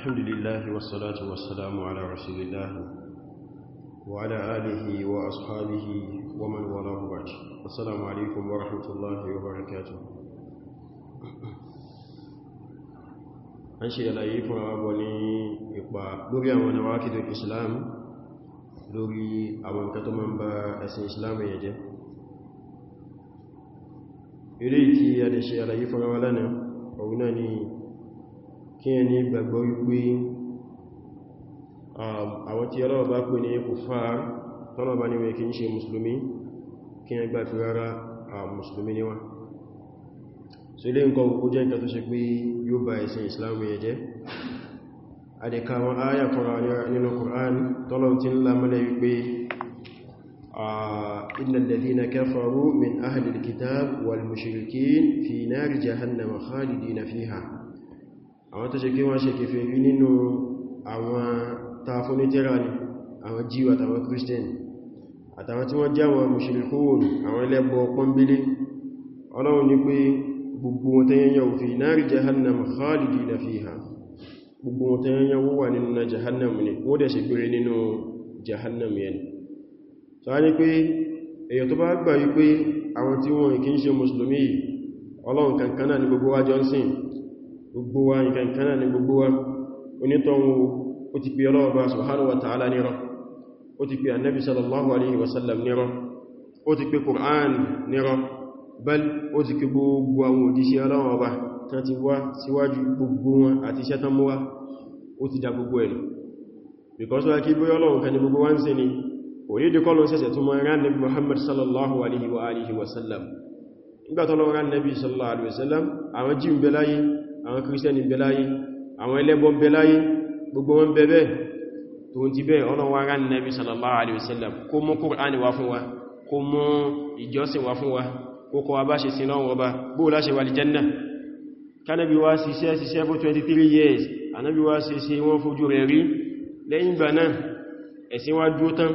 الحمد لله والصلاة والسلام على رسول الله وعلى آله وأصحابه ومن والاه بعد السلام عليكم ورحمة الله وبركاته a ń ṣe àlàyé fún àwọ́ ní ipa lórí àwọn àwákìdò islam lórí àwọn nǹkan tó máa ń ba ẹ̀sìn islam yẹ jẹ́ eré tí a lè ṣe àlàyé fún àwọ́ lánàá ni kí ẹni gbàgbọ́ wípé um, àwọn tí ọlọ́wọ́ bá pè ní kufar tọ́lọ̀ bá níwẹ̀ kí ń ṣe musulmi kí ẹ gbà fi rárá a musulmi níwá so ilé nǹkan ó jẹ́ nǹkan tó ṣe pé yóò bá ẹ̀sìn islamu yẹ jẹ́ àdẹ̀ka àwọn ayà kọ̀rọ̀ nínú Qur'an tọ́lọ̀ tí ń lámọ́lẹ̀ wípé uh, innal ladhina kafaru min ahlil kitab wal mushrikin fi nari jahannama khalidina fiha àwọn tó ṣe kí wọ́n ṣe kèfè rí nínú àwọn tafónítẹ́ra ni àwọn jíw àtàwọn christian àtàwọn tí wọ́n jẹ́ àwọn mushrikun àwọn ẹlẹ́bọ pọ́nbílé ọlọ́run ní pé gbogbo wọn tẹ́yẹnyẹ fi nari jahannam khalidina fiha gbogbo wọn tẹ́yẹnyẹ wọ́wà nínú na jahannam ni ó dẹ̀ ṣe gbére nínú jahannam yẹn ta ní pé èyàn tó bá gbà wípé àwọn tí wọ́n kì í ṣe mùsùlùmí ọlọ́run kankaná ní gbogbo wájọ́ sìn gbogbo wa nǹkan kanáà ní gbogbo wa onítọ̀hún ó ti pè ọlọ́wọ́ bá subhanahu wa ta'ala nírọ́ ó ti pè annabi sallallahu alaihi wasallam nírọ́ ó ti pè Qur'an nírọ́ bal ó ti pè gbogbo àwọn òjíṣẹ́ ọlọ́wọ́ bá tán ti wá síwájú gbogbo wọn àti iṣẹ́ tán mú wá ó ti já gbogbo ẹ̀rì because wọ́n ń bẹ láyé àwọn kírísítẹ́nì bẹ̀láyé àwọn ẹlẹ́bọn bẹ̀láyé gbogbo wọn bẹ̀bẹ̀ tó ti bẹ́ ọlọ́wọ́ ara nẹ́bí sallallahu alaihi wasallam kó mú Kùránì wá fún wa kó mú ìjọsìn wá fún wa kó kọ́ wa bá ṣe sin lọ́wọ́ bá bó láṣe wà lìjẹ́nà kánàbí wá ṣiṣẹ́ ṣiṣẹ́ fún 23 years anábí wá ṣe ṣe wọ́n fojú rẹ̀ rí lẹ́yìn ìgbà náà ẹ̀sìn wá dúró tán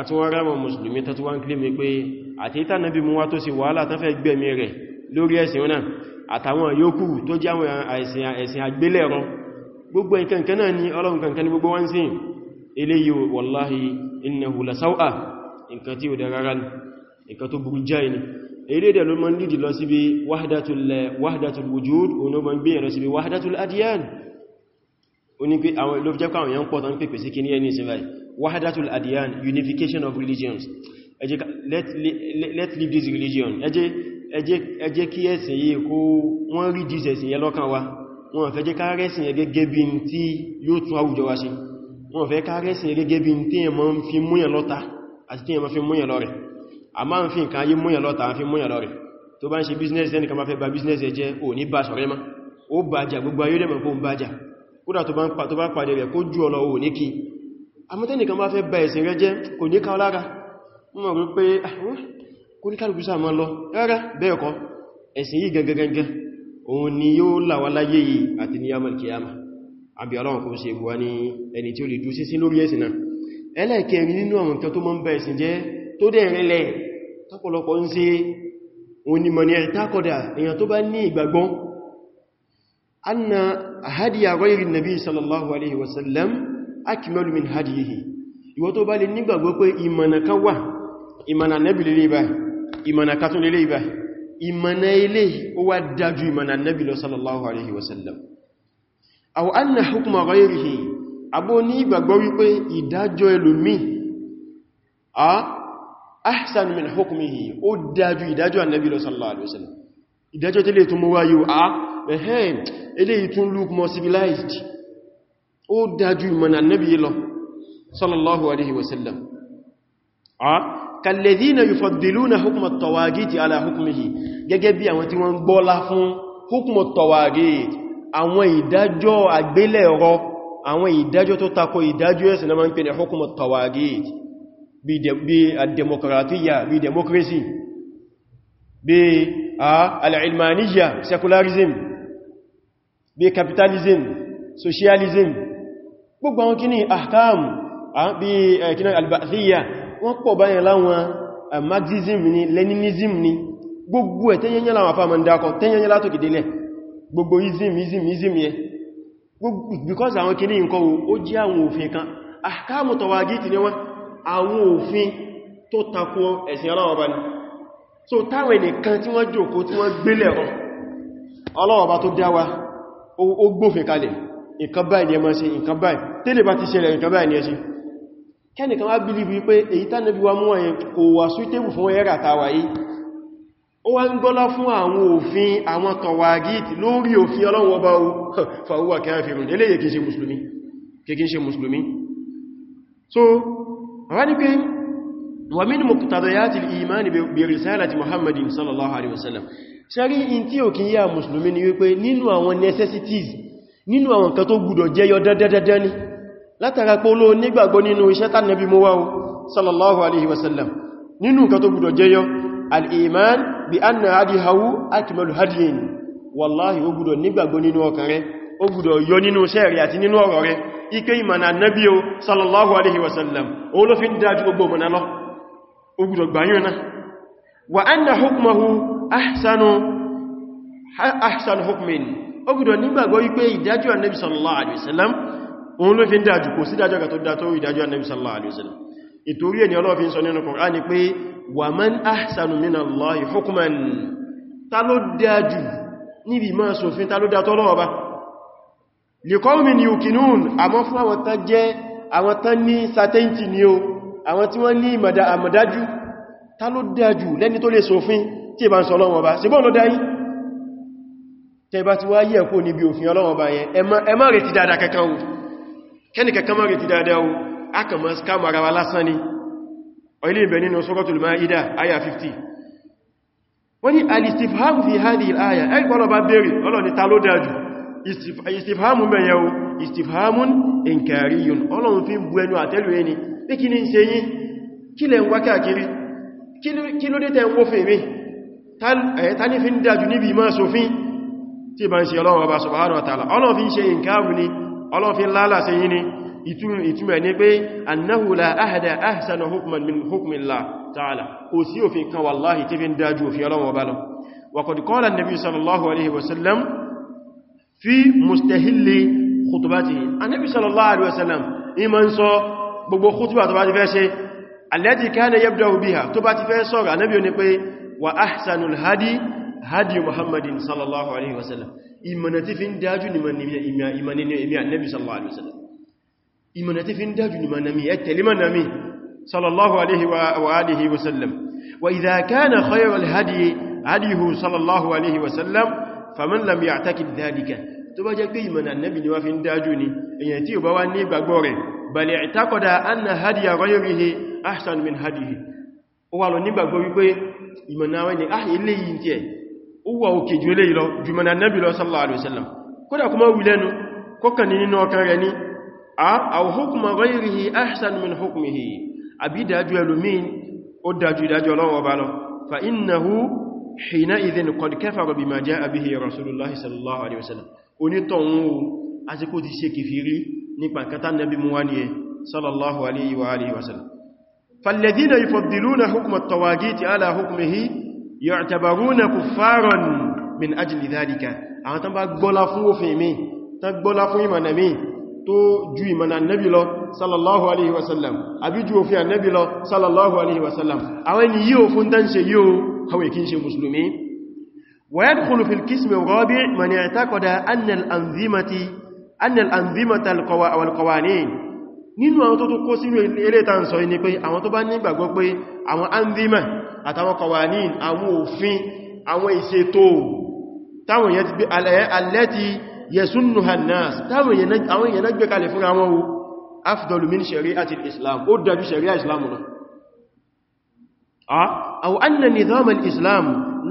àti wọ́n rámọ̀ mùsùlùmí tàtí wá ń kílé mi pé àti ìtànàbí mú wá tó sì wàhálà tán fẹ́ gbẹ̀mí rẹ̀ lórí ẹ̀sìn náà àtàwọn yòókù tó jẹ́ àwọn ẹ̀sìn àgbélẹ̀rọ gbogbo nǹkankan náà ni ọlọ́run kankan ní gbogbo wọ́n sí eléyìí wallahi innahu la saw'a nǹkan tí ó da rárá ní nǹkan tó burú jáì ní eré dẹ̀ ló mọ́ nídì lọ síbi wahdatul wujud oní mọ́ leave this religion ẹjẹ́ ẹ jẹ́ kí ẹ̀sìn yìí kó wọ́n rí jíṣẹ̀ sí yẹ lọ́kàn wa wọ́n fẹ́ jẹ́ kárẹ́sìn yẹ gẹ́gẹ́ bí n tí yóò tún àwùjọ wa ṣe wọ́n fẹ́ kárẹ́sìn yẹ gẹ́gẹ́ bí n tí ẹ máa ń fi múyàn lọ́ta àti tí ẹ fi múyàn lọ́rẹ̀ a máa ń fi nǹkan ayé múyàn lọ́ta àfi múyàn lọ́rẹ̀ tó bá ń ṣe business ẹnì kan máa business ẹ jẹ́ ò ní bá ṣọ̀rẹ́ mọ́ ó bàjà gbogbo ayé dẹ̀mọ̀ kó ń bàjà kódà tó bá pàdé rẹ̀ kó jù ọ̀nà ò ní fẹ́ oníkàlùkù sáàmọ́ lọ rárá bẹ́ẹ̀kọ́ ẹ̀sìn yìí gangan òun ni yóò làwà láyé yìí àti ní yamal kiyama àbí ọlọ́run kò ṣe ìwà ní ẹni tí ó lè dú sí sí lórí ẹ̀sìn náà ẹlẹ́ẹ̀kẹrin nínú àwọn nǹkan tó mọ́ ń bá ẹ̀sìn jẹ́ tó dẹ̀ rẹlẹ̀ tọ́pọ̀lọpọ̀ ń ṣe òun ni mọ̀ní ẹ̀rí tákọ̀dà èèyàn tó bá ní ìgbàgbọ́ anna hadiya ghayri nabi sallallahu alaihi wasallam ìmọ̀nà kan wà ìmọ̀nà nabi lè báyìí ìmọ̀nà katún lè ibá ìmọ̀nà ilé ó wá dájú ìmọ̀nà annabi lọ sallallahu alaihi wasallam aw anna hukma ghayrihi abó ní ìgbàgbọ́ wípé ìdájọ́ ẹlòmí a ahsan min hukmihi ó dájú ìdájọ́ annabi lọ sallallahu alaihi wasallam ìdájọ́ tẹ́lẹ̀ tó mọ́ wáyé a ẹ̀hẹ́n eléyìí tún kàlèdínà yufaddiluna hukuma tawagiti ala hukumihi gẹ́gẹ́ bí àwọn tí wọ́n gbọ́lá fún hukuma tawagiti àwọn ìdájọ́ àgbélẹ̀rọ àwọn ìdájọ́ tó takò ìdájọ́ ẹ̀sìn náà ń pè ní hukuma tawagiti bí demokratiya bí democracy bí al'ilmaniya secularism bí capitalism socialism gbogbo àwọn wọ́n pọ̀ báyẹ̀ láwọn eh, marxism ni leninism ni gbogbo ẹ̀ tẹ́yẹnyẹ́ láwọn afá mọ̀ dákọ̀ tẹ́yẹnyẹ́ látòkìdélẹ̀ gbogbo ism ism ism yẹ because àwọn kìíní nǹkan ó jẹ́ àwọn òfin kan ahkamu tawagiti ni wọ́n àwọn òfin tó takò ẹ̀sìn ọlọ́wọ́ so táwọn ẹnìkan tí wọ́n jòkó tí wọ́n gbélẹ̀ ọ̀ ọlọ́wọ́ bá tó dáwà ó gbófin kalẹ̀ ni ẹ máa ṣe nǹkan báyìí tẹ́lẹ̀ ni ẹ kẹ́nìkan wá bílì wípé èyí tánà bí wá mú ẹ̀yìn kò wà sútébù fún ẹ̀rà tàwà yìí ó wá ń gọ́lá fún àwọn òfin àwọn tọ̀wàgìtì lórí òfin ọlọ́run ọba fàwúwà kẹfìrún so wá ní pé wà min muqtadayati al muhammadin sallallahu alaihi wasallam ṣẹ́rí in tí ò kìí yà ni wípé nínú àwọn necessities nínú àwọn nǹkan tó gbọdọ̀ jẹyọ dandandandan ni látara pé olóò nígbàgbọ́ nínú iṣẹ́ tánàbí mú wáwó sallallahu alaihi wasallam nínú nǹkan tó gbọdọ̀ jẹyọ al'iman bí an na hadi hawu akimalu hadiyin wallahi ó gbọdọ̀ nígbàgbọ́ nínú ọkàn rẹ ó gbọdọ̀ yọ nínú iṣẹ́ rẹ àti nínú ọ̀rọ̀ rẹ ike ìmọ̀nà nabi o sallallahu alaihi wasallam ó ló fi ń dájú gbogbo mọ̀nà lọ ó gbọdọ̀ gbàyàn náà òun ló fi ń dájú kò sí dájọ́ kàtọ́ dátọ́ ìdájọ́ annabi sallallahu alaihi wasallam ìtorí ẹni Ọlọ́run fi ń sọ nínú Kùránì pé wa man ahsanu minallahi hukman ta ló dájú níbi máa ni o àwọn tí wọ́n ní àmọ̀dájú ta ló dájú lẹ́ni tó lè sòfin tí ìbá ń sọ lọ́wọ́ bá ṣe bọ́ lọ dáyí tẹ́bá ti wá yẹ̀ kó níbi òfin Ọlọ́run kẹ́nìkẹ́ kamari ti dáadáa o aka ma skam ara wa lásán ni ọ̀ilé ibẹ̀ nínú suratul Maida aya 50 wọ́n ni al-istifhamu fi hadhihi al-aya ẹgbọ́lọ bá bèèrè ọlọ́ni ta ló dájú istifhamu mẹ́yẹ o istifhamun inkariyun ọlọ́run fi ń bu ẹnu àtẹ́lù ẹni pé kí ní ṣe yí kí lẹ ń wá káàkiri kí ló dé tẹ́ ń wó ọlọ́run ọba subhanahu wa ọlọ́run fi ń ṣe inkaru ni ọlọ́fin lálà sí yí ni ìtumẹ̀ ní pé annahu la ahada ahsana hukman min hukmillah ta'ala kò sí òfin kan wallahi tí fi ń dájú òfin ọlọ́wọ̀ bá lọ wa qad qala an-nabi sallallahu alaihi wasallam fi mustahilli khutubatihi annabi ìmọ̀nà tí fi ń dájú ní ìmì annabi sallallahu alaihi wasallam ìmọ̀nà tí fi ń dájú ní manami ẹ tẹ̀lé manami sallallahu alaihi wa alihi wasallam wa idha kana khayral hadi hadihu sallallahu alaihi wasallam faman lam ya'taqid dhalika tó bá jẹ́ pé ìmọ̀nà annabi ni wá fi ń dájú ní èyàn tí ò bá wá ní ìgbàgbọ́ rẹ̀ bal i'taqada anna hadiya ghayrihi ahsan min hadihi ó wà lọ nígbàgbọ́ wípé ìmọ̀nà àwọn ilé ah, yìí tí ẹ̀ ó wà òkè jù eléyìí lọ jù mọ̀nà nẹ́bì lọ sallallahu alaihi wasallam kódà kuma wù lẹ́nu kọkàn ní nínú ọkàn rẹ̀ ní aw hukma ghayrihi ahsan min hukmihi àbí dájú ẹlòmín ó dájú ìdájú ọlọ́wọ́ فالذين يفضلون حكم الطواغيت على حكمه yu'tabaruna kuffaran min ajli dhalika àwọn tán bá gbọ́lá fún òfin mi tán gbọ́lá fún ìmọ̀nà mi tó ju ìmọ̀nà Ànábì lọ sallallahu alaihi wasallam àbí ju òfin Ànábì lọ sallallahu alaihi wasallam àwọn ẹni yíò fún tán ṣe yíò hawai kí n ṣe musulmi wa yadkhulu fil nínú àwọn tó tó kó sínú eré tàn sọ ní pé àwọn tó bá nígbàgbọ́ pé àwọn andima àtàwọn kọwàní àwọn òfin àwọn ìṣètò táwọn èèyàn ti gbé alẹ́ti yẹ̀súnnù hannas táwọn èèyàn náà gbé kalẹ̀ fún àwọn o afdalu min shari'ati islam ó dájú sharia islam rẹ̀ ah, aw anna nizam al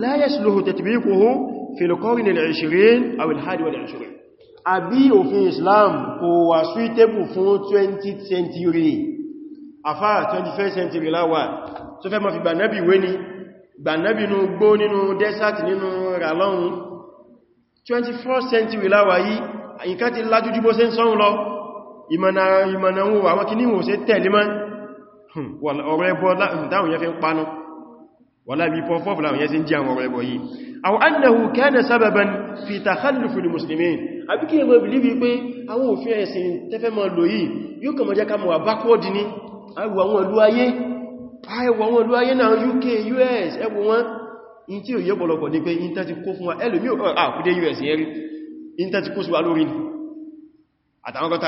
àbí òfin Islam kò wà suitable fún 20th century afá 21st century láwà tó fẹ́ ma fi gbànẹ́bì wé ní gbànẹ́bì nú gbó nínú desert nínú ràlọ́run 21st century láwà yí àyíká ti lájú jú bó ṣe ń sọ́run lọ ìmọ̀nà ohun àwọn kìíní wò ṣe tẹ̀lé mọ́ hmm, ọ̀rọ̀ ẹbọ dáhùn hmm, yẹn fi ń panu wọ́n lábí pọ́fọ́fù láwọn yẹn sí ń jí àwọn ọ̀rọ̀ ẹbọ yìí àwọn annahu kana sababan fi takhallufi muslimin àbí kí ẹmọ bìlíbì pé àwọn òfin ẹ̀sìn tẹ́fẹ́ mọ́ lò yìí yóò kàn mọ́ jẹ́ ká mọ́ wà bákọ́ọ̀dì ní àwọ̀ àwọn ìlú ayé UK US ẹgbù wọn in tí ò yẹ pọ̀lọpọ̀ ní pé inter ti kó US yẹn rí inter ti kó sí ni àtàwọn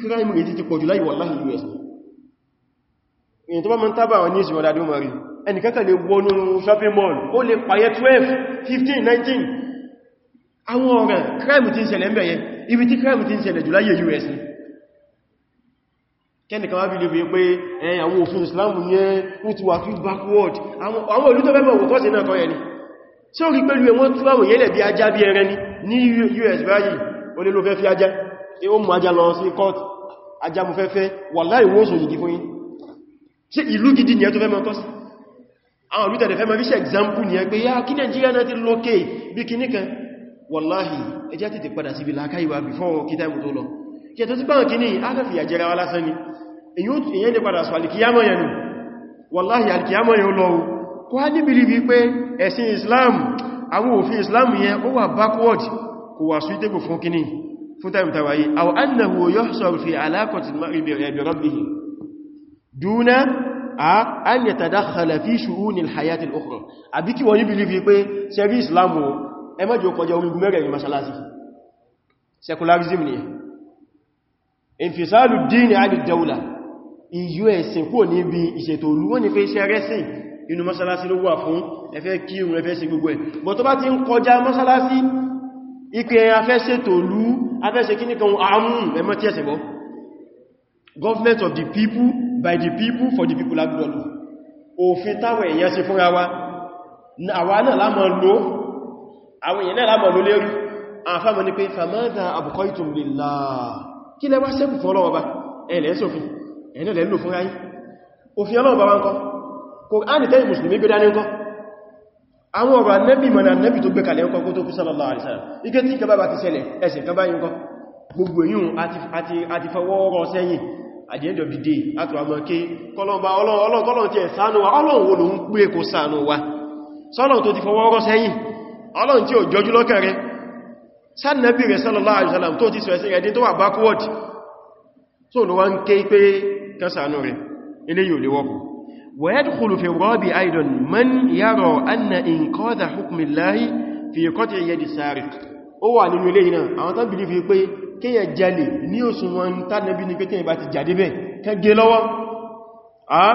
crime rate ti pọ̀jù láyé US èyàn tó bá mọ́ tábà wọn ní ìsìn lè wọnú shopping mall ó lè pàyẹ 12 15 19 àwọn ọ̀ràn crime tí ń ṣẹlẹ̀ ń bẹ̀yẹn ibi tí crime tí ń ṣẹlẹ̀ jù láyé US ni kẹ́nìkan wá bílé wípé ẹ̀yìn àwọn òfin Islam ní wọ́n ti wà fí backward àwọn olú tó bẹ́bẹ̀ òwò tọ́sí náà kọ́yẹ̀ ni tí ó rí pẹ́lú ẹ̀wọ́n tún àwọn yẹ́lẹ̀ bí ajá bí ẹran ní US báyìí o lè ló fẹ́ fi ajá tí ó mú ajá lọ sí court ajá mú fẹ́fẹ́ wà láì wọ́n sọ yìí fún yín ṣe ìlú gidi ni ẹ tó fẹ́ mọ́ tọ́sí àwọn olú tẹ̀lẹ̀ fẹ́ mọ́ bí ṣe example ni ẹ pé yá kí Nàìjíríà náà ti lókè bí kìníkan wallahi ẹjẹ́ tètè padà sí ibi lákáìwà before kí táìmù tó lọ kí ẹ̀tọ́ sí báwọn kì ní aláfi àjẹra wa lásán ni èyàn lè padà sọ alìkìyàmọ̀ yẹnu wallahi alìkìyàmọ̀ yẹn lọ kó á níbi rí wípé ẹ̀sìn Islam àwọn òfin Islam yẹn ó wà backward kò wà suitable fún kíní fún táìmù tàwàyé aw annahu yuhsar fi alaqati al-mar'i ẹ má jẹ́ kọjá orígun mẹ́rẹ̀ ìrìn masalasi secularism ni ìfìsàlù dínì àdìdáwùlà ìyú ẹ̀sìn kò ní bí ìṣètò olúwọ́ ní fẹ́ iṣẹ́ rẹ́sìn inú masalasi ló wà fún ẹfẹ́ kírun ẹfẹ́ sí gbogbo ẹ̀ masalasi ipe afẹ́ ṣètò olú afẹ́ ṣe kí government of the people by the people for the people agbọ́lù òfin táwọn èèyàn ṣe fúnra wa àwa náà lámọ́ lóó àwọn èèyàn náà lámọ̀ ló lérí àfáàmọ́ ní pé fàmọ́dà àbùkọ́ ìtùn lè láà kí lẹ́wà sẹ́kù fún ọlọ́ọ̀bá ẹ̀lẹ́ sófin ẹ̀nà lẹ́lò fún ráyí òfin ọlọ́ọ̀bá wá ń kọ́ Kùránì tẹ́ mùsùlùmí gbé dání ń kọ́ àwọn ọ̀rọ̀ anẹ́bì mọ̀ na nẹ́bì tó gbé kalẹ̀ ń kọ́ kó tó kú sallallahu alaihi wasallam ike tí kẹba bá ti ṣẹlẹ̀ ẹsẹ̀ kẹba yìí ń kọ́ gbogbo fọwọ́ ọrọ̀ sẹ́yìn ọlọ́run tí ó jọjú lọ́kàn rẹ̀ sánàbí rẹ̀ sallallahu alaihi wasallam tó ti sẹ̀ẹ́sẹ̀ rẹ̀ dín tó wà backward tó lọ wá ń ké pé kásánú rẹ̀ ilé yóò lè wọ́pù ويدخل في الرابع أيضا من يرى أن إنقاذ حكم الله في قطع يد السارق ó wà nínú ilé náà àwọn tán bìlì fi pé kíyàn jalè ní òsùn wọn tánàbí ní pé kíyàn bá ti jàdé bẹ̀ kán gé lọ́wọ́ àá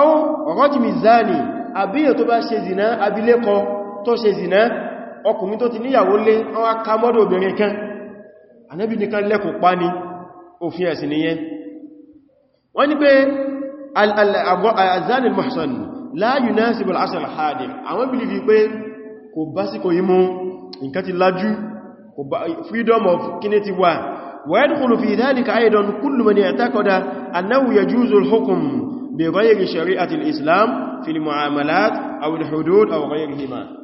àwọn ọ̀rọ̀jìmì zani àbíyàn tó bá ṣe zìná abilékọ tó ṣe zìnà ọkùnrin tó ti níyàwó lé wọ́n á ká mọ́dọ̀ obìnrin kan anẹ́bí nìkan lẹ́kùn pa ní òfin ẹ̀sìn nìyẹn wọ́n ní pé azanil muhsan la yunasibu al-asr al-hadir àwọn believe pé kò básíkò yí mú nǹkan lájú freedom of kíní ti wà wa yadkhulu fi dhalika aidan kullu man ya'taqida annahu yajuzu al-hukm bi ghayri shari'ati al-islam fi al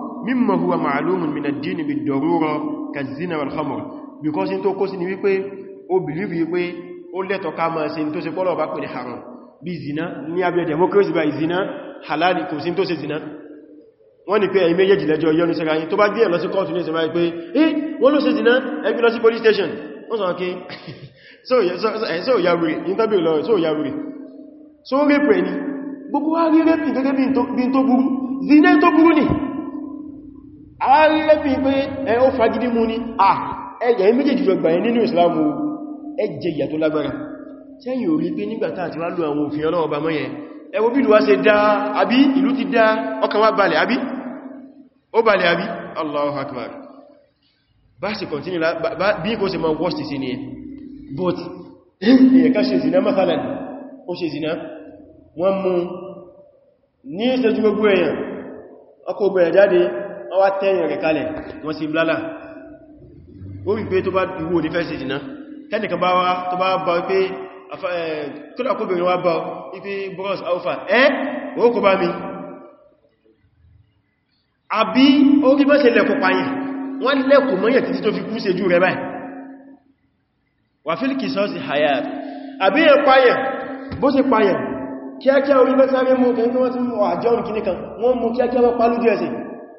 mimma huwa ma'lumun min ad-din bid-darura kaz-zina wal-khamr because in tó kò sí ní wípé ó believe wípé ó lẹ́tọ̀ ká má ṣe in tó ṣe polo bá pè ní haram bí zina ní àbí democracy bá zina halal kò sí tó ṣe zina wọ́n ní pé ẹ̀yin méjèèjì lẹ́jọ́ yonu se gayin tó bá gbé lọ sí court ni se pé eh wọ́n ló ṣe zina ẹ lọ sí police station wọ́n sọ ke so so eh, so ya wuri in ta lọ so ya wuri so re pre ni gbogbo wa rí rẹ́pìn gẹ́gẹ́ bí n tó burú zina tó burú ni alẹ́bí pé ẹ ó fagidi mú ní à ẹjẹ̀ yìí méjèèjì jọ gbàyẹ nínú ìsìlámù ẹjẹ̀ ìyà tó lágbára tẹ́yìn ò rí pé nígbàtà àti wá lò àwọn òfin ọlọ́ọ̀bá mọ́yẹn ẹ wo bí ìlú wa ṣe dá àbí ìlú ti dá ọkàn wa balẹ̀ àbí ó balẹ̀ àbí Allahu Akbar bá sì kọ̀ntínú bí kò ṣe máa wọ́sì sí ni ẹ but èyàn ká ṣe zina mafalan ó ṣe zina wọ́n mú ní ìṣẹ́jú gbogbo èèyàn ọkọ̀ ògbẹ̀rẹ̀ jáde wọ́n wá tẹ́yìn rẹ̀ kalẹ̀ wọ́n sì blálà ó rí pé tó bá dúró ní fẹ́sì ìdìná tẹ́nìkan bá wá tó bá bá wípé kọ́lákóbìnrin wá bá wípé bros alpha ẹ́ ó kó bá mi àbí ó rí bá ṣe lẹ́kọ̀ pààyàn wọ́n lẹ́kọ̀ mọ́yẹ̀ títí tó fi kú ṣe jú rẹ̀ báyìí wà fílìkì sọ́ọ̀sì hayat àbí ẹ̀ pààyàn bó ṣe pààyàn kíákíá orí bẹ́sàrí mú kẹ́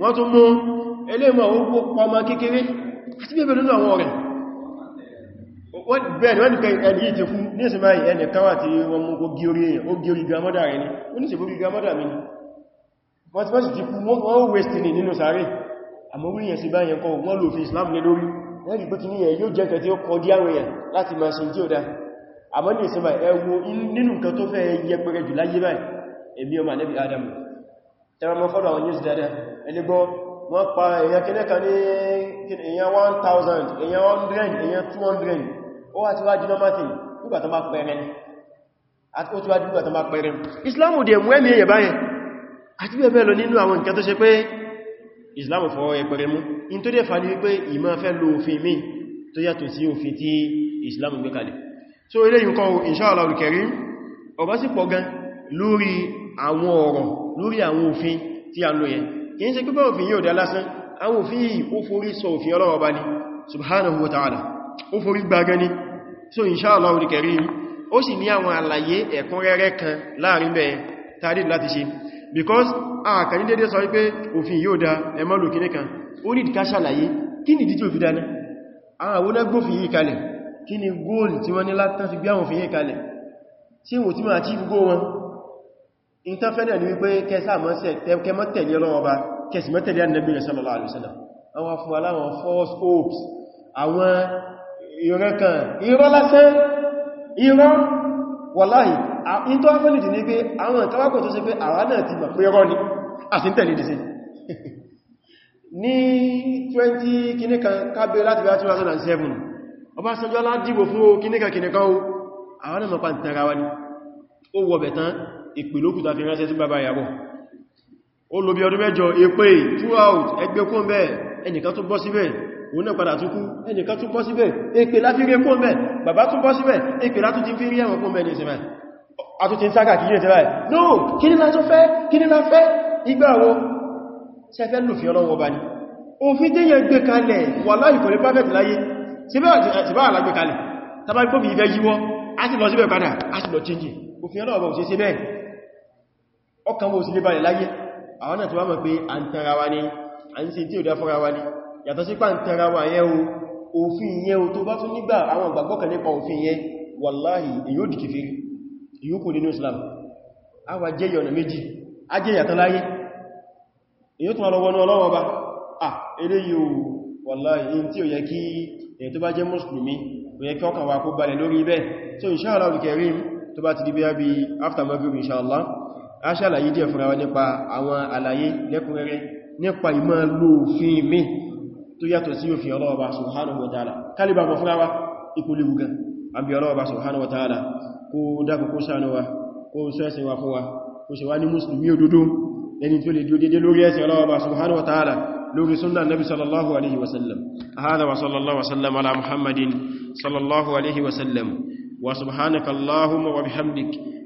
wọ́n tún mú eléèmọ̀ orúkú ọmọ kékeré àti bẹ́ẹ̀ lónà àwọn ọ̀rẹ́ bẹ́ẹ̀ wọ́n nìkan ẹni yìí ti fún ní ìsinmi ẹni káwà tí wọ́n mú ogí orí èèyàn ogí orí gramọ́dà rẹ̀ ní oníṣègbò orí gramọ́dà mi wọ́n ti fọ́sì ti kú wọ́n wéṣtì ní nínú sàárè àmọ́ orí yẹn sí báyẹn kọ wọ́n lò fi Islam lé lórí ẹ̀rì pé kí ní yẹn yóò jẹ́ kẹ tí ó kọ díàwẹ̀ yẹn láti máa ṣe tí ó dá àmọ́ ní ìsinmi ẹwọ nínú nǹkan tó fẹ́ yẹpẹrẹ Adam tẹwà mọ́ fọ́dọ̀ àwọn news dada ẹnigbọ́ wọ́n pa èyàn kẹ́lẹ́kà ní èyàn 1000 èyàn 100 èyàn 200 ó wà tí wá jí normal thing nígbàtà bá pẹ̀rẹ̀ ni àti ó tí wá jí nígbàtà bá pẹ̀rẹ̀ islamu dẹ̀ mú ẹ̀mí èyàn báyẹn àti bí ẹ̀bẹ̀ lọ nínú àwọn nǹkan tó ṣe pé islamu fọwọ́ ẹ̀pẹ̀rẹ̀ mú in tó dẹ̀ fa ní wípé ìmá fẹ́ lo òfin mi tó yàtọ̀ sí òfin tí islamu gbé kalẹ̀ so eléyìí nǹkan inshallah al-karim ọba sì pọ̀ gan lórí àwọn ọ̀rọ̀ lórí àwọn òfin tí a lò yẹn kì í ṣe pípẹ́ òfin yóò dá lásán àwọn òfin yìí ó forí sọ òfin ọlọ́wọ́ bá ní subhanahu wa ta'ala ó forí gbagán ní so inshallah ní kẹrí ó sì ní àwọn àlàyé ẹ̀kúnrẹ́rẹ́ kan because a kà ní dédé sọ wípé òfin yóò dá ẹmọ́lù kí nìkan ó ní ìdíká ṣàlàyé kí ni ìdíjò fi dáná àwọn àwọn onágbófin yìí kalẹ̀ kí ni góòlù tí wọ́n ní látán fi gbé àwọn òfin yìí kalẹ̀ tí wọ́n tí wọ́n àti gbogbo wọn ìtàn fẹ́ náà ni wípé kẹsà mọ́ tẹ̀lé ọlọ́wọ́ bá kẹsì mọ́ tẹ̀lé Ànábì sallallahu alaihi wasallam àwọn fún aláwọn false hopes àwọn ìrẹ́kàn irọ́ lásán irọ́ wàláhì in tó wáfẹ́ nìdí ní pé àwọn ìtawákọ̀ tó ni a sì ń tẹ̀lé dìsí ní 20 kìníkan kábé láti bá 2007 Ọbásanjọ́ lá dìbò fún kìníkan kìníkan àwọn náà mọ̀ pàntàrà ó wọ̀bẹ̀ tán ìpìlókù tàbí ránṣẹ́ sí bàbá ìyàwó ó lò bí ọdún mẹ́jọ èpè throughout ẹgbẹ́ kó mẹ́ ẹnìkan tó bọ́ síbẹ̀ òun náà padà túnkú ẹnìkan tó bọ́ síbẹ̀ èpè láti rí kó mẹ́ bàbá tó bọ́ síbẹ̀ èpè láti ti fi rí ẹ̀wọ̀n ń ni láti fẹ́ kí ni láti fẹ́ igbá àwọn sẹ́fẹ́ lòfin ọlọ́wọ́ bá ní òfin tí yẹn gbé kalẹ̀ wà láì bẹ́ẹ̀ ọkàn wọ́n sí lé balẹ̀ láyé àwọn náà ti wá mọ̀ pé à ń tara wa ní à ń ṣe tí ò dá fọ́ra wa ní yàtọ̀ sí pà ń tara wa yẹ́ o òfin yẹ́ o tó bá tún nígbà àwọn ìgbàgbọ́ kan nípa òfin yẹ́ wàláhì èyí ò di kèfèrí èyí nínú Islam a wà jẹ́ ọ̀nà méjì a jẹ́ yàtọ̀ láyé èyí tún alọ́wọ́nú ọlọ́wọ́ bá à o wàláhì in tí ò yẹ kí èyí tó bá jẹ́ mùsùlùmí ò yẹ kí ọkàn wa kó inshallah al-karim tó bá ti di bí after maghrib inshallah a ṣàlàyé díẹ̀ fúnra wa nípa àwọn àlàyé lẹ́kùnrẹ́rẹ́ nípa ìmọ̀ lóòfin mi tó yàtọ̀ sí òfin ọlọ́ọ̀bá subhanahu wa ta'ala kálíbà mọ̀ fúnra wa ìpolí gugan àbí ọlọ́ọ̀bá subhanahu wa kó dákò kó